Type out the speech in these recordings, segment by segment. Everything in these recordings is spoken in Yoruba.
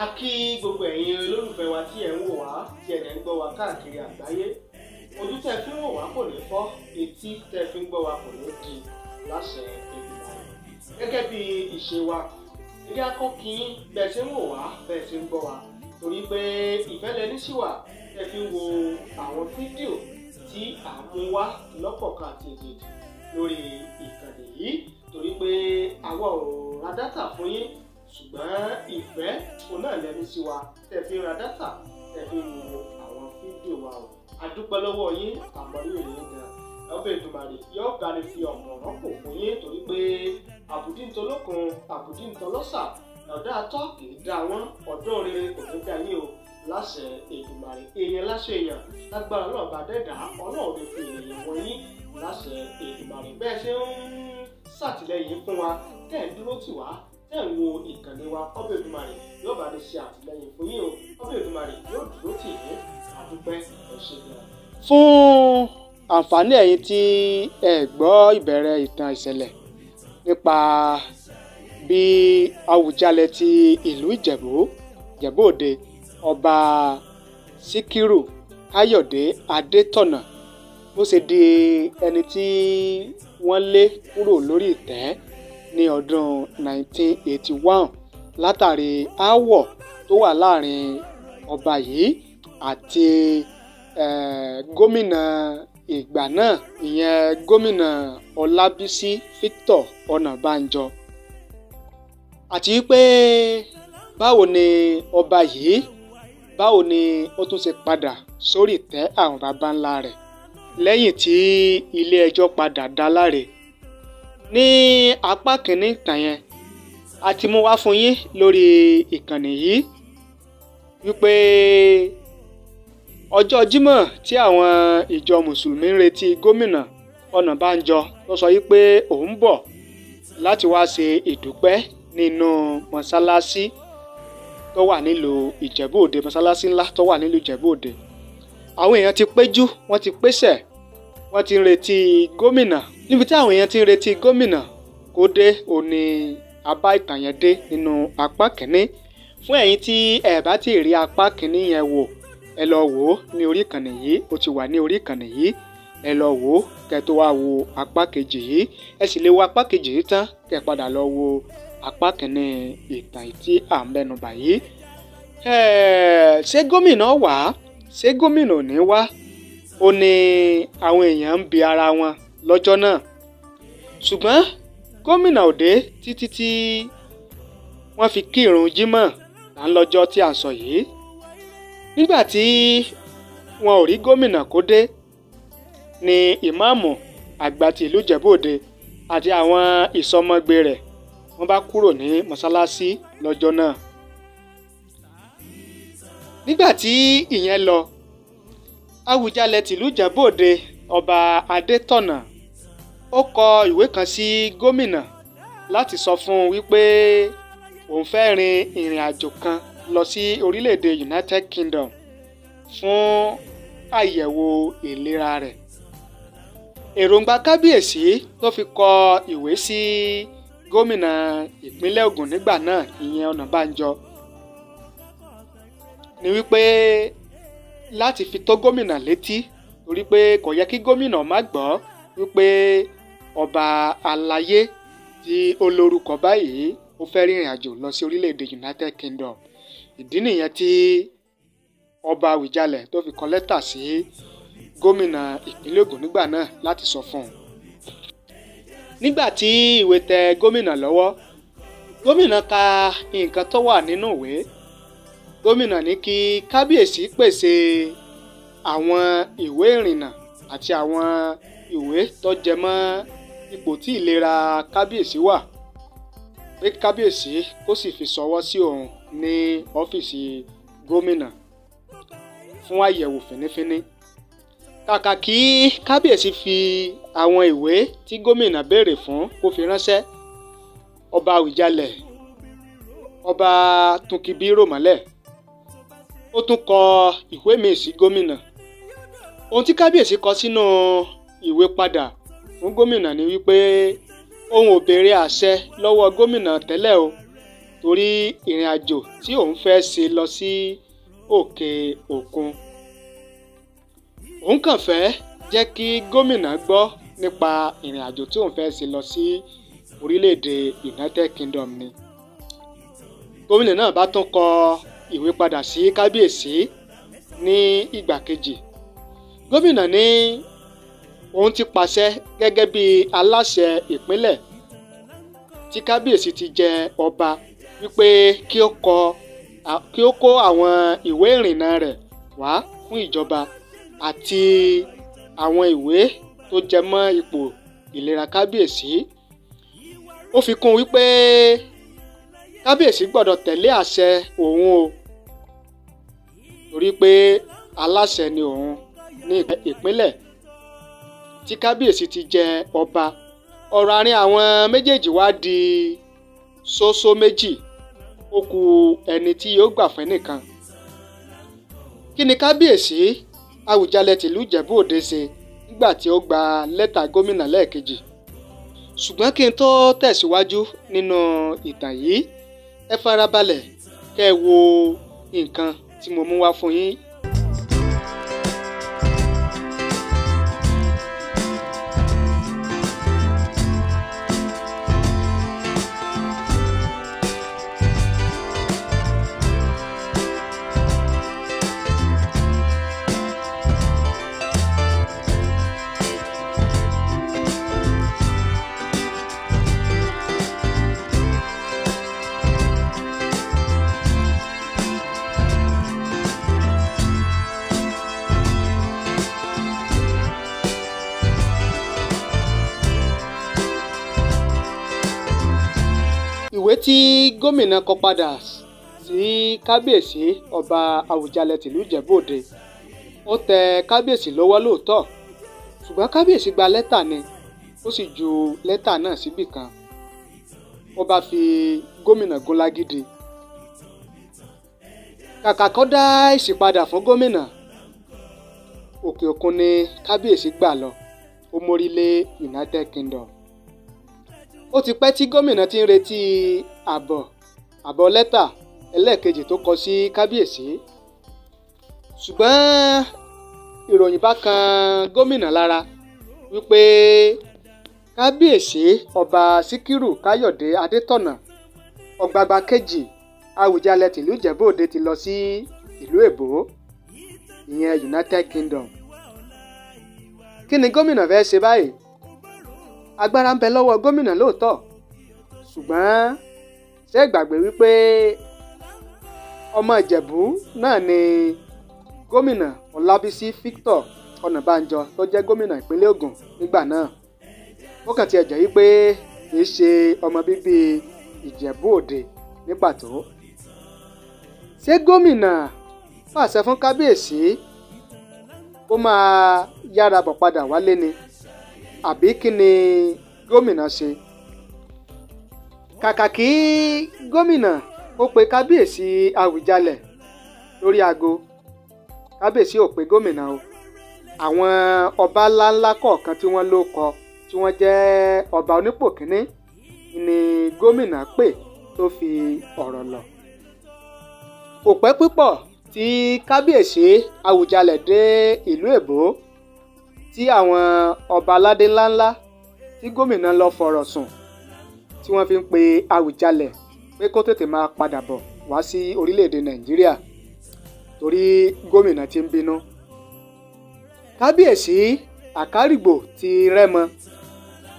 a kí gbogbo ẹ̀yin olólùfẹ́ wa tí ẹ̀ ń wò wá tí ẹ̀ ń gbọ́ wa káàkiri àgbáyé ojú tẹ́ fi ń wò wá kò ní fọ́ etí tẹ́ fi ń gbọ́ wa kò ní di láṣẹ ìgbìmọ̀ gẹ́gẹ́ bí ìṣe wa ilé akọ́kí bẹ́ẹ̀ ṣe ń wò wá bẹ́ẹ̀ ṣe ń gbọ́ wa torí pé ìfẹ́lẹ́ níṣìwà ẹ fi wo àwọn fídíò tí à ń mú wá lọ́pọ̀kan àti èdèdì lórí ìkànnì yìí torí pé àwa ò ra dátà fún yín ṣùgbọ́n ìfẹ́ òun náà lẹ́nu sí wa tẹ̀ fi ra dátà tẹ̀ fi wo àwọn fídíò wa o adúpẹ́ lọ́wọ́ yín àmọ́rí òní gan ọbẹ̀ ìdùmarè yóò gani fi ọ̀nà rọ́pò fún yín torí pé àbùdí ntọ́lọ́kun àbùdí ntọ́lọ́sà ọ̀dọ́ àtọ́ kìí dá ọ̀dọ́ rere kò ní dá yín o láṣẹ ìdùmarè èèyàn láṣẹ èèyàn lágbára náà dẹ́dà ọlọ́run fi èèyàn wọ yín láṣẹ ìdùmarè bẹ́ẹ̀ ṣe ń ṣàtìlẹ́yìn fún wa tẹ̀ ń dúró tì wá tẹ̀ ń wo ìkànnì wa ọbẹ̀ Olódùmarè yóò bá ní ṣe àtìlẹ́yìn fún yín o ọbẹ̀ Olódùmarè yóò dúró tì yín àdúpẹ́ ẹ̀ṣẹ̀ gan. fún àǹfààní ẹ̀yin tí ẹ gbọ́ ìbẹ̀rẹ̀ ìtàn ìṣẹ̀lẹ̀ nípa bí Awùjalẹ̀ ti ìlú Ìjẹ̀bú Ìjẹ̀bú Òde ọba Síkírù Káyọ̀dé Adétọ̀nà bó ṣe di ẹni tí wọ́n lé kúrò lórí ìtẹ́ ní ọdún 1981 látàrí aáwọ̀ tó wà láàrin ọba yìí àti gómìnà ìgbà náà ìyẹn gómìnà Ọlábísí Victor Ọ̀nàbànjọ àti pé báwo ni ọba yìí báwo ni ó tún ṣe padà sórí ìtẹ́ àwọn baba ńlá rẹ̀ lẹ́yìn tí ilé ẹjọ́ padà dá láre ní apá kìíní ìtàn yẹn a ti mú wá fún yín lórí ìkànnì yìí wípé ọjọ́ Jímọ̀ tí àwọn ìjọ mùsùlùmí ń retí gómìnà Ọ̀nàbánjọ tó sọ wípé òun bọ̀ láti wá ṣe ìdúpẹ́ nínú mọ́sálásí tó wà nílùú Ìjẹ̀bú Òde mọ́sálásí ńlá tó wà nílùú Ìjẹ̀bú Òde àwọn èèyàn ti péjú wọ́n ti pèsè wọ́n ti ń retí gómìnà níbi tí àwọn èèyàn ti ń retí gómìnà kó dé òní abá ìtàn yẹn dé nínú apá kìíní fún ẹ̀yin tí ẹ bá ti rí apá kìíní yẹn wò ẹ lọ wò ó ní orí ìkànnì yìí ó ti wà ní orí ìkànnì yìí ẹ lọ wò ó kẹ wá wo apá kejì yìí ẹ sì lè wo apá kejì yìí tán kẹ padà lọ wo apá kìíní ìtàn tí à ń mẹ́nubà yìí ṣé gómìnà wà ṣé gómìnà ò ní wá ó ní àwọn èèyàn ń bi ara wọn lọ́jọ́ náà ṣùgbọ́n gómìnà òde títí tí wọ́n fi kírun jímọ̀ là ń lọ́jọ́ tí à ń sọ yìí nígbà tí wọn ò rí gómìnà kó dé ni ìmáàmù àgbà ti ìlú ìjẹ̀bú àti àwọn ìsọmọgbe rẹ̀ wọ́n bá kúrò ní mọ́sálásí lọ́jọ́ náà nígbà tí ìyẹn lọ Awùjalẹ̀ tìlú Ìjẹ̀bú-Òde ọba Adétọ̀nà ó kọ ìwé kan sí gómìnà láti sọ fún un wípé òun fẹ́ rin ìrìn àjò kan lọ sí orílẹ̀-èdè United Kingdom fún àyẹ̀wò ìlera rẹ̀ èròǹgbà kábíyèsí ló fi kọ ìwé sí gómìnà ìpínlẹ̀ Ògùn nígbà náà ìyẹn Ọ̀nàbànjọ ni wípé láti fi tó gómìnà létí torí pé kò yẹ kí gómìnà má gbọ́ wípé ọba alayé tí ó lórúkọ báyìí ó fẹ́ rìnrìn àjò lọ sí orílẹ̀-èdè United Kingdom ìdí nìyẹn tí ọba Àwùjalẹ̀ tó fi kọ lẹ́tà sí gómìnà ìpínlẹ̀ Ògùn nígbà náà láti sọ fún un. nígbà tí ìwé tẹ gómìnà lọ́wọ́ gómìnà ka nǹkan tó wà nínú ìwé gómìnà ní kí kábíyèsí pèsè àwọn ìwé ìrìnnà àti àwọn ìwé tó jẹ mọ́ ipò tí ìlera kábíyèsí wà pé kábíyèsí kó sì fi ṣọwọ́ sí òun ní ọ́fíìsì gómìnà fún àyẹ̀wò fínífíní kàkà kí kábíyèsí fi àwọn ìwé tí gómìnà béèrè fún kó fi ránṣẹ́ ọba Àwùjalẹ̀ ọba tún kí ó tún kọ ìwé míì sí gómìnà ohun tí kábíyèsí kọ sínú ìwé padà fún gómìnà ni wípé òun ò béèrè àṣẹ lọ́wọ́ gómìnà tẹ́lẹ̀ o torí ìrìn àjò tí òun fẹ́ ṣe lọ sí òkè òkun òun kàn fẹ́ jẹ́ kí gómìnà gbọ́ nípa ìrìn àjò tí òun fẹ́ ṣe lọ sí orílẹ̀-èdè United Kingdom ni gómìnà náà bá tún kọ ìwé padà sí kábíyèsí ní ìgbà kejì gómìnà ní òun ti pàṣẹ gẹ́gẹ́ bí aláṣẹ ìpínlẹ̀ tí kábíyèsí ti jẹ ọba wípé kí ó kọ kí ó kó àwọn ìwé ìrìnnà rẹ̀ wá fún ìjọba àti àwọn ìwé tó jẹ mọ́ ipò ìlera kábíyèsí ó fi kún wípé kábíyèsí gbọ́dọ̀ tẹ̀lé àṣẹ òun o. torí pé aláṣẹ ni òun ní ìpínlẹ̀ tí kábíyèsí ti jẹ ọba ọ̀rọ̀ àárín àwọn méjèèjì wá di ṣóṣó méjì ó ku ẹni tí yóò gbàfẹ́ nìkan kí ni kábíyèsí àwùjalè tìlú Ìjẹ̀bú Òde ṣe nígbà tí ó gba lẹ́tà gómìnà lẹ́ẹ̀kejì ṣùgbọ́n kí n tó tẹ̀síwájú nínú ìtàn yìí ẹ farabalẹ̀ kẹ́ ẹ wo nǹkan tí mo tí gómìnà kọ padà sí kábíyèsí ọba àwùjalẹ̀ tìlú ìjẹ́bú-òde ó tẹ kábíyèsí lọ́wọ́ lóòótọ́ ṣùgbọ́n kábíyèsí gba lẹ́tà ni ó sì ju lẹ́tà náà síbì kan ó bá fi gómìnà gún lágídí kàkà kó dá èsì padà fún gómìnà òkè òkun ni kábíyèsí gbà lọ ó mórí lé United Kingdom ó ti pẹ́ tí gómìnà ti ń retí àbọ̀ àbọ̀ lẹ́tà ẹlẹ́ẹ̀kejì tó kọ sí kábíyèsí ṣùgbọ́n ìròyìn bá kan gómìnà lára wípé kábíyèsí ọba síkírù káyọ̀dé adétọ̀nà ọ̀gbàgbà kejì àwùjalẹ̀ tìlú ìjẹ̀bú-òde ti lọ sí ìlú èbó ìyẹn united kingdom kí ni gómìnà fẹ́ ṣe báyìí agbára ń bẹ lọ́wọ́ gómìnà lóòótọ́ ṣùgbọ́n ṣé gbàgbé wípé ọmọ ìjẹ̀bú náà ni gómìnà ọlábísí victor ọ̀nàbànjọ tó jẹ́ gómìnà ìpínlẹ̀ ògùn nígbà náà ó kàn tiẹ̀ jẹ́ wípé kì í ṣe ọmọ bíbí ìjẹ̀bú òde ní pàtó ṣé gómìnà pàṣẹ fún kábíyèsí kó máa yára bọ̀ padà wálé ni àbí kí ni gómìnà ṣe kàkà kí gómìnà ó pe kábíyèsí Àwùjalẹ̀ lórí aago kábíyèsí ò pe gómìnà o àwọn ọba ńláńlá kọ̀ọ̀kan tí wọ́n ló kọ tí wọ́n jẹ́ ọba onípò kínní ni gómìnà pè tó fi ọ̀rọ̀ lọ. kò pẹ́ púpọ̀ tí kábíyèsí Àwùjalẹ̀ dé ìlú Èbó. E tí àwọn ọba aládé ńláńlá tí gómìnà lọ fọ̀rọ̀ sùn tí wọ́n fi ń pe Àwùjalẹ̀ pé kó tètè máa padà bọ̀ wá sí orílẹ̀-èdè Nàìjíríà torí gómìnà ti ń bínú. Kábíyèsí Àkárìgbò ti Rẹ́mọ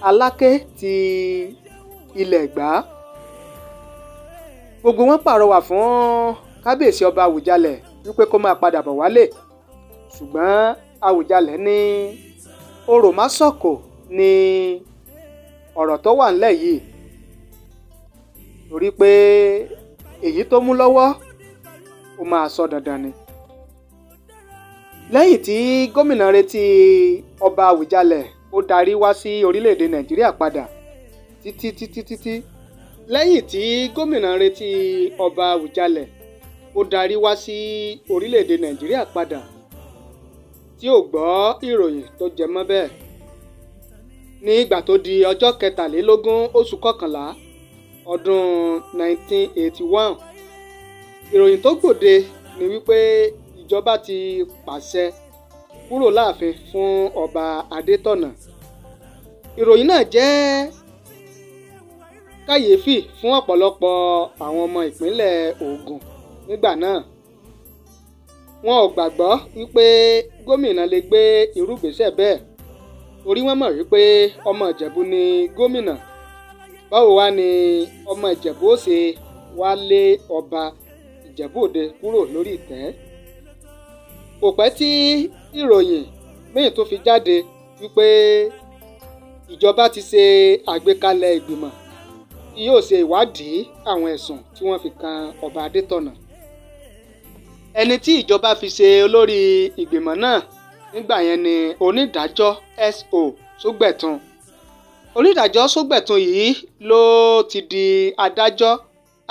Aláké ti ilẹ̀ Ẹ̀gbá gbogbo wọn pàrọwà fún kábíyèsí ọba Àwùjalẹ̀ wípé kó máa padà bọ̀ wálé ṣùgbọ́n Àwùjalẹ̀ ní Oròmásọ̀kò ní ọ̀rọ̀ tó wà ńlẹ̀ yìí torí pé èyí tó mú lọ́wọ́ ó máa sọ dandan ni. lẹ́yìn tí gómìnà retí ọba Àwùjalẹ̀ ó darí wá sí orílẹ̀-èdè Nàìjíríà padà títí títí títí lẹ́yìn tí gómìnà retí ọba Àwùjalẹ̀ ó darí wá sí orílẹ̀-èdè Nàìjíríà padà tí ò gbọ́ ìròyìn tó jẹ mọ́ bẹ́ẹ̀. ní ìgbà tó di ọjọ́ kẹtàlélógún oṣù kọkànlá ọdún 1981 ìròyìn tó gbòde ni wípé ìjọba ti pàṣẹ kúrò láàfin fún ọba Adétọ̀nà ìròyìn náà jẹ́ kàyéfì fún ọ̀pọ̀lọpọ̀ àwọn ọmọ ìpínlẹ̀ Ògùn nígbà náà wọn ò gbàgbọ́ wípé gómìnà lè gbé irúgbèsè bẹ́ẹ̀ torí wọ́n mọ̀ wípé ọmọ ìjẹ̀bú ni gómìnà báwo wá ni ọmọ ìjẹ̀bú ó ṣe wá lé ọba ìjẹ̀bú òde kúrò lórí ìtẹ́ kò pẹ́ tí ìròyìn míì tó fi jáde wípé ti ṣe àgbékalẹ̀ ìgbìmọ̀ tí yóò ṣe ìwádìí àwọn ẹ̀sùn tí fi kan ọba adétọ̀nà ẹni tí ìjọba fi ṣe olórí ìgbìmọ̀ náà nígbà yẹn ni onídàájọ́ S.O. Sógbẹ̀tun onídàájọ́ Sógbẹ̀tun yìí ló ti di adájọ́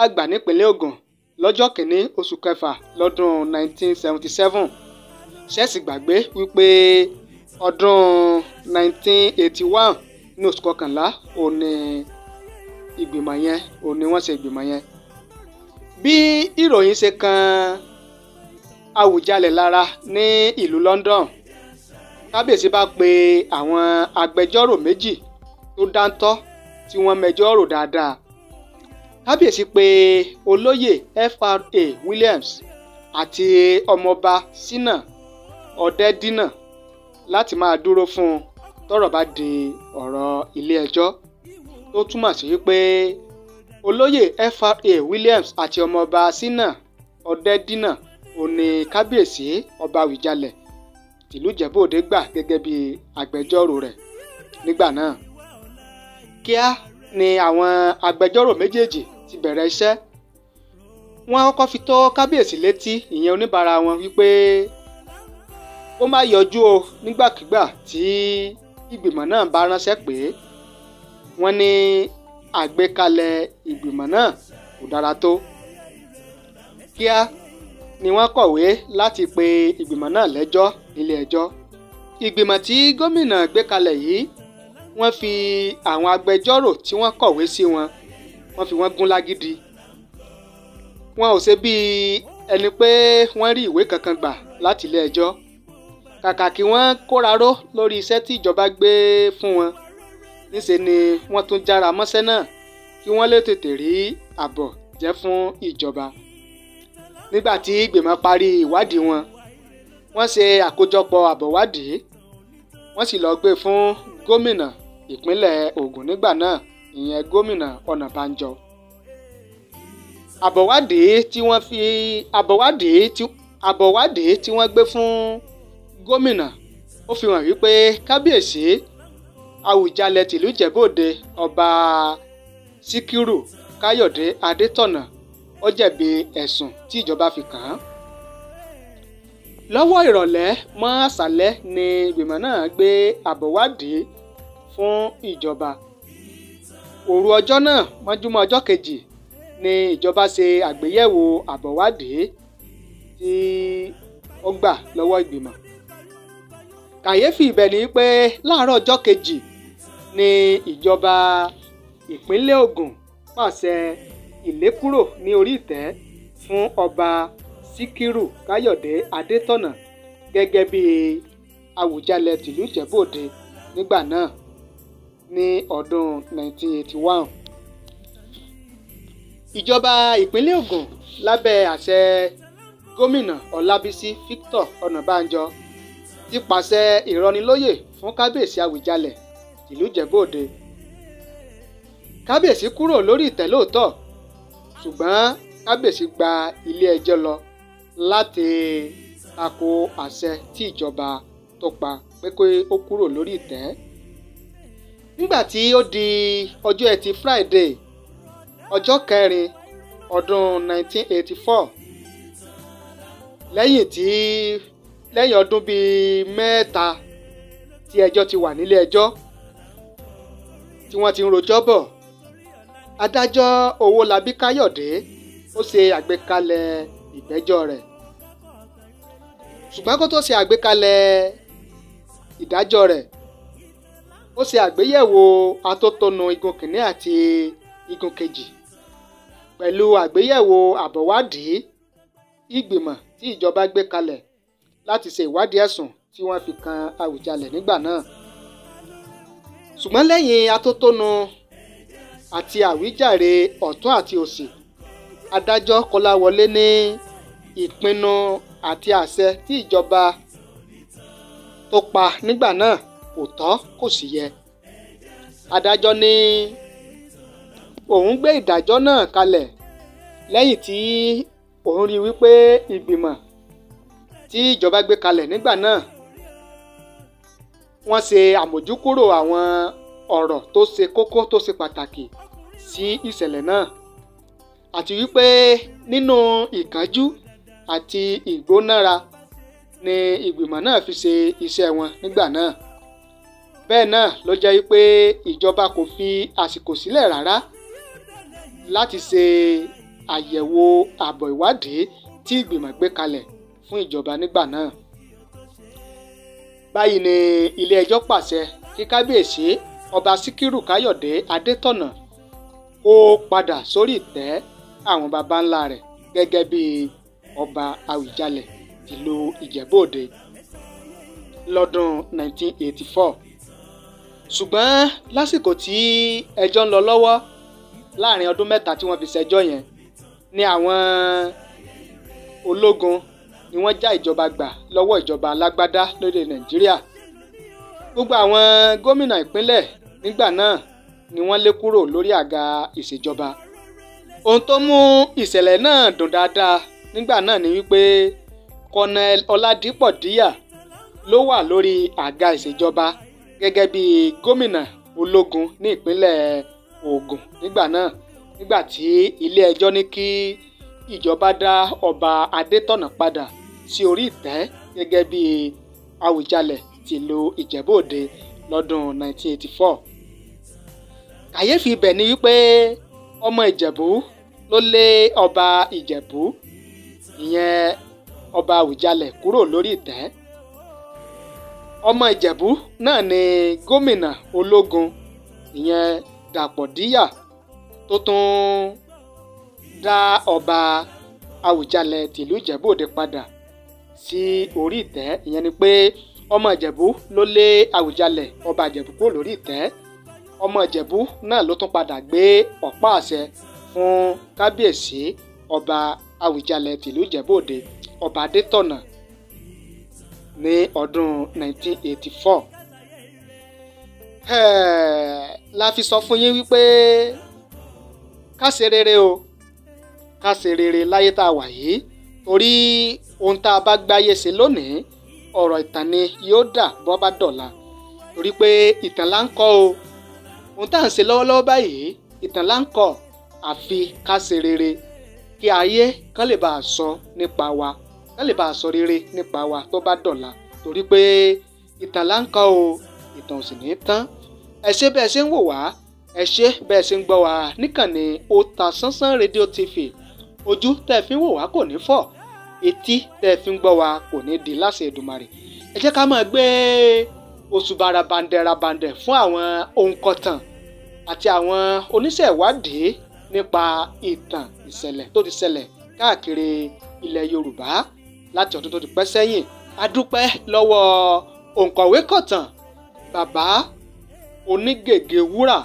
àgbà nípínlẹ̀ Ògùn lọ́jọ́ kìíní oṣù kẹfà lọ́dún 1977 ṣẹ́ẹ̀sì gbàgbé wípé ọdún 1981 ní oṣù kọkànlá òní ìgbìmọ̀ yẹn òní wọ́n ṣe ìgbìmọ̀ yẹn bí ìròyìn ṣe kan Àwùjalẹ̀ lára ní ìlú London kábíyèsí bá pe àwọn agbẹjọ́rò méjì tó dáńtọ́ tí wọ́n mẹjọ́ dáadáa kábíyèsí pe olóyè FRA Williams àti ọmọọba sina Ọ̀dẹ́dínà láti máa dúró fún un tọ́rọ̀ bá di ọ̀rọ̀ ilé-ẹjọ́ tó túmọ̀ sí wípé olóyè FRA Williams àti ọmọọba sina Ọ̀dẹ́dínà ó ní kábíyèsí ọba àwùjalẹ̀ tìlú ìjẹ́bú-òde gbà gẹ́gẹ́ bí agbẹjọ́rò rẹ̀ nígbà náà kíá ni àwọn agbẹjọ́rò méjèèjì ti bẹ̀rẹ̀ iṣẹ́ wọ́n kọ́kọ́ fi tó kábíyèsí létí ìyẹn oníbàárà wọn wípé ó má yọjú o nígbàkigbà tí ìgbìmọ̀ náà bá ránṣẹ́ pé wọ́n ní àgbékalẹ̀ ìgbìmọ̀ náà kò dára tó kíá ni wọ́n kọ̀wé láti pe ìgbìmọ̀ náà lẹ́jọ́ nílé-ẹjọ́ ìgbìmọ̀ tí gómìnà gbé kalẹ̀ yìí wọ́n fi àwọn agbẹjọ́rò tí wọ́n kọ̀wé sí wọn wọ́n fi wọ́n gún lágídí wọn ò ṣe bíi ẹni pé wọ́n rí ìwé kankan gbà láti ilé-ẹjọ́ kàkà kí wọ́n kóraró lórí iṣẹ́ tí ìjọba gbé fún wọn níṣẹ́ ni wọ́n tún jára mọ́ṣẹ́ náà kí wọ́n lè tètè rí àbọ̀ jẹ́ fún ìjọba nígbà tí ìgbìmọ̀ parí ìwádìí wọn wọ́n ṣe àkójọpọ̀ àbọ̀wádìí wọ́n sì lọ́ọ́ gbé e fún gómìnà ìpínlẹ̀ Ògùn nígbà náà ìyẹn gómìnà Ọ̀nàbànjọ. àbọ̀wádìí tí wọ́n fi àbọ̀wádìí tí àbọ̀wádìí tí wọ́n gbé fún gómìnà ó fi hàn wípé kábíyèsí Àwùjalẹ̀ tìlú Ìjẹ̀bú-Òde ọba Síkírù Káyọ̀dé Adétọ̀nà ó jẹ̀bi ẹ̀sùn tí ìjọba fi kàn án. lọ́wọ́ ìrọ̀lẹ́ mọ́ àṣálẹ́ ni ìgbìmọ̀ náà gbé àbọ̀wádìí fún ìjọba. òru ọjọ́ náà mọ́júmọ́ ọjọ́ kejì ni ìjọba ṣe àgbéyẹ̀wò àbọ̀wádìí tí ó gbà lọ́wọ́ ìgbìmọ̀. kàyéfì ibẹ̀ ni pé láàárọ̀ ọjọ́ kejì ni ìjọba ìpínlẹ̀ Ògùn pàṣẹ ìlékúrò ní orí ìtẹ́ fún ọba síkírù káyọ̀dé adétọ̀nà gẹ́gẹ́ bí àwùjalẹ̀ tìlú ìjẹ́bòde nígbà náà ní ọdún 1981. ìjọba ìpínlẹ̀ Ògùn lábẹ́ àṣẹ gómìnà ọlábísí victor ọ̀nàbánjọ ti pàṣẹ ìrọ̀nilóyè fún kábíyèsí àwùjalẹ̀ tìlú ìjẹ́bòde kábíyèsí kúrò lórí ìtẹ́ lóòótọ́ ṣùgbọ́n kábíyèsí gba ilé-ẹjọ́ lọ láti tako àṣẹ tí ìjọba tó pa pé kí ó kúrò lórí ìtẹ́. nígbà tí ó di ọjọ́ ẹtì Friday ọjọ́ kẹrin ọdún 1984 lẹ́yìn tí lẹ́yìn ọdún bíi mẹ́ta tí ẹjọ́ ti wà nílé ẹjọ́ tí wọ́n ti ń rojọ́ bọ̀ adájọ́ owólabí káyọ̀dé ó ṣe àgbékalẹ̀ ìgbẹ́jọ́ rẹ̀ ṣùgbọ́n kó tó ṣe àgbékalẹ̀ ìdájọ́ rẹ̀ ó ṣe àgbéyẹ̀wò atótónu igun kìíní àti igun kejì pẹ̀lú àgbéyẹ̀wò àbọ̀wádìí ìgbìmọ̀ tí ìjọba gbé kalẹ̀ láti ṣe ìwádìí ẹ̀sùn tí wọ́n fi kan Àwùjalẹ̀ nígbà náà ṣùgbọ́n lẹ́yìn atótónu àti àwíjàre ọ̀tún àti òsì adájọ́ kọ́láwọlé ní ìpinnu àti àṣẹ tí ìjọba tó pa nígbà náà kò tọ́ kò sì yẹ adájọ́ ní òun gbé ìdájọ́ náà kalẹ̀ lẹ́yìn tí òun rí wípé ìgbìmọ̀ tí ìjọba gbé kalẹ̀ nígbà náà wọ́n ṣe àmójúkúrò àwọn ọ̀rọ̀ tó ṣe kókó tó ṣe pàtàkì sí ìṣẹ̀lẹ̀ náà àti wípé nínú ìkánjú àti ìgbónára ni ìgbìmọ̀ náà fi ṣe iṣẹ́ wọn nígbà náà bẹ́ẹ̀ náà ló jẹ́ wípé ìjọba kò fi àsìkò sílẹ̀ rárá láti ṣe àyẹ̀wò àbọ̀ ìwádìí tí ìgbìmọ̀ gbé kalẹ̀ fún ìjọba nígbà náà báyìí ni ilé ẹjọ́ pàṣẹ kí kábíyèsí ọba Sikiru káyọ̀dé adétọ̀nà kó padà sórí ìtẹ́ àwọn baba ńlá rẹ̀ gẹ́gẹ́ bí ọba àwùjalẹ̀ ìlú ìjẹ̀bú lọ́dún 1984 ṣùgbọ́n lásìkò tí ẹjọ́ ń lọ lọ́wọ́ láàrin ọdún mẹ́ta tí wọ́n fi ṣẹjọ́ yẹn ni àwọn ológun ni wọ́n já ìjọba gbà lọ́wọ́ ìjọba alágbádá lóde nàìjíríà gbogbo àwọn gómìnà ìpínlẹ̀ nígbà náà ni wọ́n lé kúrò lórí àga ìṣèjọba ohun tó mú ìṣẹ̀lẹ̀ náà dùn dáadáa nígbà náà ni wípé Colonel Ọládìpọ̀ Díyà ló wà lórí àga ìṣèjọba gẹ́gẹ́ bí gómìnà ológun ní ìpínlẹ̀ Ògùn nígbà náà nígbà tí ilé ẹjọ́ ní kí ìjọba dá ọba Adétọ̀nà padà sí orí ìtẹ́ gẹ́gẹ́ bí Àwùjalẹ̀ tìlú Ìjẹ̀bú Òde lọ́dún 1984 kàyéfì ibẹ̀ ni wípé ọmọ ìjẹ̀bú ló lé ọba ìjẹ̀bú ìyẹn ọba àwùjalẹ̀ kúrò lórí ìtẹ́ ọmọ ìjẹ̀bú náà ni gómìnà ológun ìyẹn dàpọ̀ díyà tó tún dá ọba àwùjalẹ̀ tìlú ìjẹ̀bú òde padà sí orí ìtẹ́ ìyẹn ni pé ọmọ ìjẹ̀bú ló lé àwùjalẹ̀ ọba ìjẹ̀bú kúrò lórí ìtẹ́ ọmọ ìjẹ̀bú náà ló tún padà gbé ọ̀pá àṣẹ fún kábíyèsí ọba àwùjalẹ̀ tìlú ìjẹ̀bú òde ọba adétọ̀nà ní ọdún 1984. la fi sọ fún yín wípé ká rere o ká ṣe rere láyé tá a wà yìí torí ohun tá a bá gbáyé ṣe lónìí ọ̀rọ̀ ìtàn ni yóò dà bọ́ bá dọ̀la torí pé ìtàn là ń kọ́ o ohun tá à ń ṣe lọ́wọ́lọ́wọ́ báyìí ìtàn là ń kọ àfi ká ṣe rere kí ayé kán lè bá a sọ nípa wa kán lè bá a sọ rere nípa wa tó bá dọ̀la torí pé ìtàn là ń kọ o ìtàn ò sì ní tán ẹ ṣé bẹ́ẹ̀ ṣe ń wò wá ẹ ṣé bẹ́ẹ̀ ṣe ń gbọ́ wá níkànnì Otasansan rédíò TV ojú tẹ́ ẹ fi ń wò wá kò ní fọ́ etí tẹ́ ẹ fi ń gbọ́ wá kò ní di láṣẹ Èdùmàrè ẹ jẹ́ ká máa gbé oṣù barabandẹ fún àwọn òǹkọ̀tàn àti àwọn oníṣẹ́ ìwádìí nípa ìtàn ìṣẹ̀lẹ̀ tó ti ṣẹlẹ̀ káàkiri ilẹ̀ Yorùbá láti ọdún tó ti pẹ́ sẹ́yìn a dúpẹ́ lọ́wọ́ òǹkọ̀wé kọ̀tàn bàbá onígègé wúrà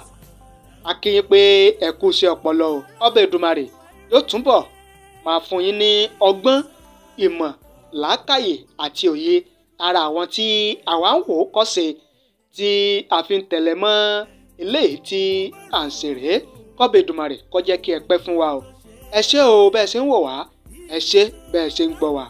a kí yín pé ẹ kú iṣẹ́ ọpọlọ o ọbẹ̀ Èdùmàrè yóò túbọ̀ máa fún yín ní ọgbọ́n ìmọ̀ làákàyè àti òye ara àwọn tí àwa ń wò ó kọ́sẹ̀ tí a fi ń tẹ̀lé mọ́ eléyìí tí à ń ṣe rèé kọ́bẹ̀dùmarè kó jẹ́ kí ẹ pẹ́ fún wa o ẹ ṣé o bẹ́ẹ̀ ṣe ń wò wá ẹ ṣé bẹ́ẹ̀ ṣe ń gbọ́ wa.